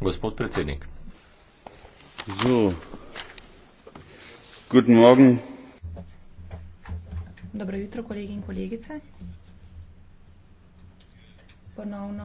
gospod predsednik dobro jutro kolegi in kolegice ponovno